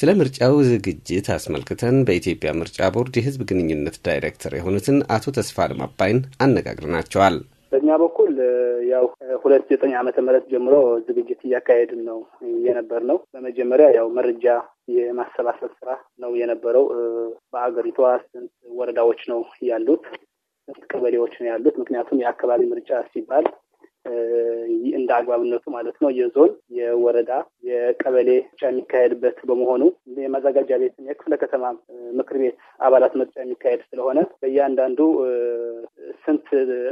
ስለ ምርጫው ዝግጅት አስመልክተን በኢትዮጵያ ምርጫ ቦርድ የህዝብ ግንኙነት ዳይሬክተር የሆኑትን አቶ ተስፋ አባይን አነጋግረናቸዋል። በእኛ በኩል ያው ሁለት ዘጠኝ ዓመተ ምህረት ጀምሮ ዝግጅት እያካሄድን ነው የነበር ነው። በመጀመሪያ ያው መረጃ የማሰባሰብ ስራ ነው የነበረው። በአገሪቷ ስንት ወረዳዎች ነው ያሉት? ስንት ቀበሌዎች ነው ያሉት? ምክንያቱም የአካባቢ ምርጫ ሲባል እንደ አግባብነቱ ማለት ነው የዞን የወረዳ የቀበሌ ምርጫ የሚካሄድበት በመሆኑ የማዘጋጃ ቤት የክፍለ ከተማ ምክር ቤት አባላት ምርጫ የሚካሄድ ስለሆነ በእያንዳንዱ ስንት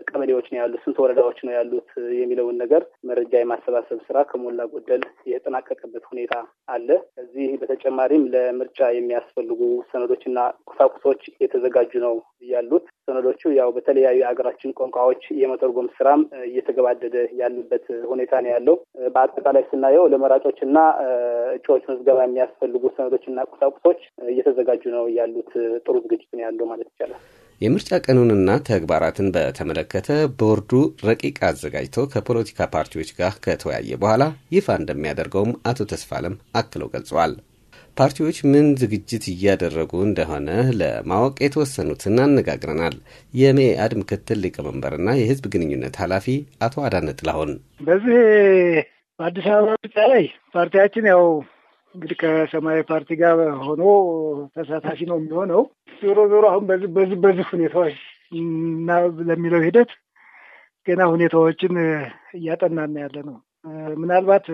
ቀበሌዎች ነው ያሉት፣ ስንት ወረዳዎች ነው ያሉት የሚለውን ነገር መረጃ የማሰባሰብ ስራ ከሞላ ጎደል የተጠናቀቀበት ሁኔታ አለ። ከዚህ በተጨማሪም ለምርጫ የሚያስፈልጉ ሰነዶችና ቁሳቁሶች የተዘጋጁ ነው ያሉት። ሰነዶቹ ያው በተለያዩ የሀገራችን ቋንቋዎች የመተርጎም ስራም እየተገባደደ ያለበት ሁኔታ ነው ያለው። በአጠቃላይ ስናየው ለመራጮችና እጩዎች መዝገባ የሚያስፈልጉ ሰነዶችና ቁሳቁሶች እየተዘጋጁ ነው ያሉት። ጥሩ ዝግጅት ነው ያለው ማለት ይቻላል። የምርጫ ቀኑንና ተግባራትን በተመለከተ ቦርዱ ረቂቅ አዘጋጅቶ ከፖለቲካ ፓርቲዎች ጋር ከተወያየ በኋላ ይፋ እንደሚያደርገውም አቶ ተስፋለም አክለው ገልጸዋል። ፓርቲዎች ምን ዝግጅት እያደረጉ እንደሆነ ለማወቅ የተወሰኑትን አነጋግረናል። የመኢአድ ምክትል ሊቀመንበርና የህዝብ ግንኙነት ኃላፊ አቶ አዳነ ጥላሁን በዚህ በአዲስ አበባ ምርጫ ላይ ፓርቲያችን ያው እንግዲህ ከሰማያዊ ፓርቲ ጋር ሆኖ ተሳታፊ ነው የሚሆነው። ዞሮ ዞሮ አሁን በዚህ በዚህ ሁኔታዎች እና ለሚለው ሂደት ገና ሁኔታዎችን እያጠናን ያለ ነው። ምናልባት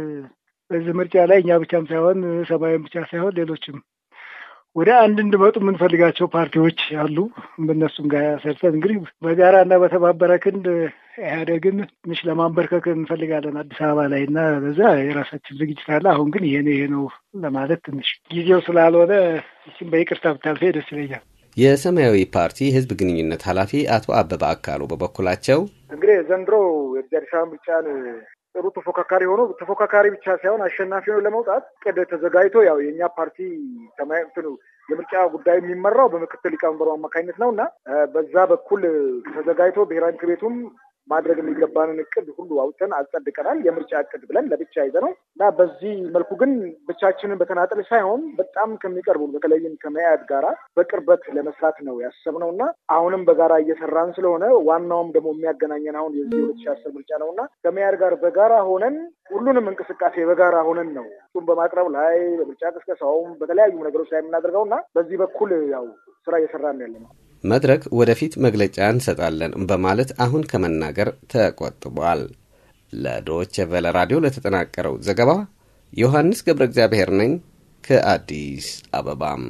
በዚህ ምርጫ ላይ እኛ ብቻም ሳይሆን ሰማያዊም ብቻ ሳይሆን ሌሎችም ወደ አንድ እንድመጡ የምንፈልጋቸው ፓርቲዎች አሉ። በእነሱም ጋር ሰርተን እንግዲህ በጋራና በተባበረ ክንድ ኢህአደግን ትንሽ ለማንበርከክ እንፈልጋለን አዲስ አበባ ላይ እና በዛ የራሳችን ዝግጅት አለ። አሁን ግን ይሄን ይሄ ነው ለማለት ትንሽ ጊዜው ስላልሆነ ይህችን በይቅርታ ብታልፈ ደስ ይለኛል። የሰማያዊ ፓርቲ ህዝብ ግንኙነት ኃላፊ አቶ አበባ አካሉ በበኩላቸው እንግዲህ ዘንድሮ የአዲስ አበባ ምርጫን ጥሩ ተፎካካሪ ሆኖ ተፎካካሪ ብቻ ሳይሆን አሸናፊ ሆኖ ለመውጣት ቅድ ተዘጋጅቶ ያው የእኛ ፓርቲ ሰማያዊ እንትኑ የምርጫ ጉዳይ የሚመራው በምክትል ሊቀመንበሩ አማካኝነት ነው እና በዛ በኩል ተዘጋጅቶ ብሔራዊ ምክር ቤቱም ማድረግ የሚገባንን እቅድ ሁሉ አውጥተን አጸድቀናል። የምርጫ እቅድ ብለን ለብቻ ይዘ ነው እና በዚህ መልኩ ግን ብቻችንን በተናጠል ሳይሆን በጣም ከሚቀርቡ በተለይም ከመያድ ጋራ በቅርበት ለመስራት ነው ያሰብነው እና አሁንም በጋራ እየሰራን ስለሆነ ዋናውም ደግሞ የሚያገናኘን አሁን የዚህ ሁለት ሺህ አስር ምርጫ ነው እና ከመያድ ጋር በጋራ ሆነን ሁሉንም እንቅስቃሴ በጋራ ሆነን ነው እሱም በማቅረብ ላይ በምርጫ ቅስቀሳውም በተለያዩ ነገሮች ላይ የምናደርገው እና በዚህ በኩል ያው ስራ እየሰራን ነው ያለ ነው። መድረክ ወደፊት መግለጫ እንሰጣለን በማለት አሁን ከመናገር ተቆጥቧል። ለዶች ቬለ ራዲዮ ለተጠናቀረው ዘገባ ዮሐንስ ገብረ እግዚአብሔር ነኝ ከአዲስ አበባም